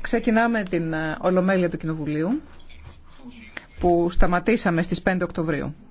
Ξεκινάμε την ε, Ολομέλεια του Κοινοβουλίου που σταματήσαμε στις 5 Οκτωβρίου.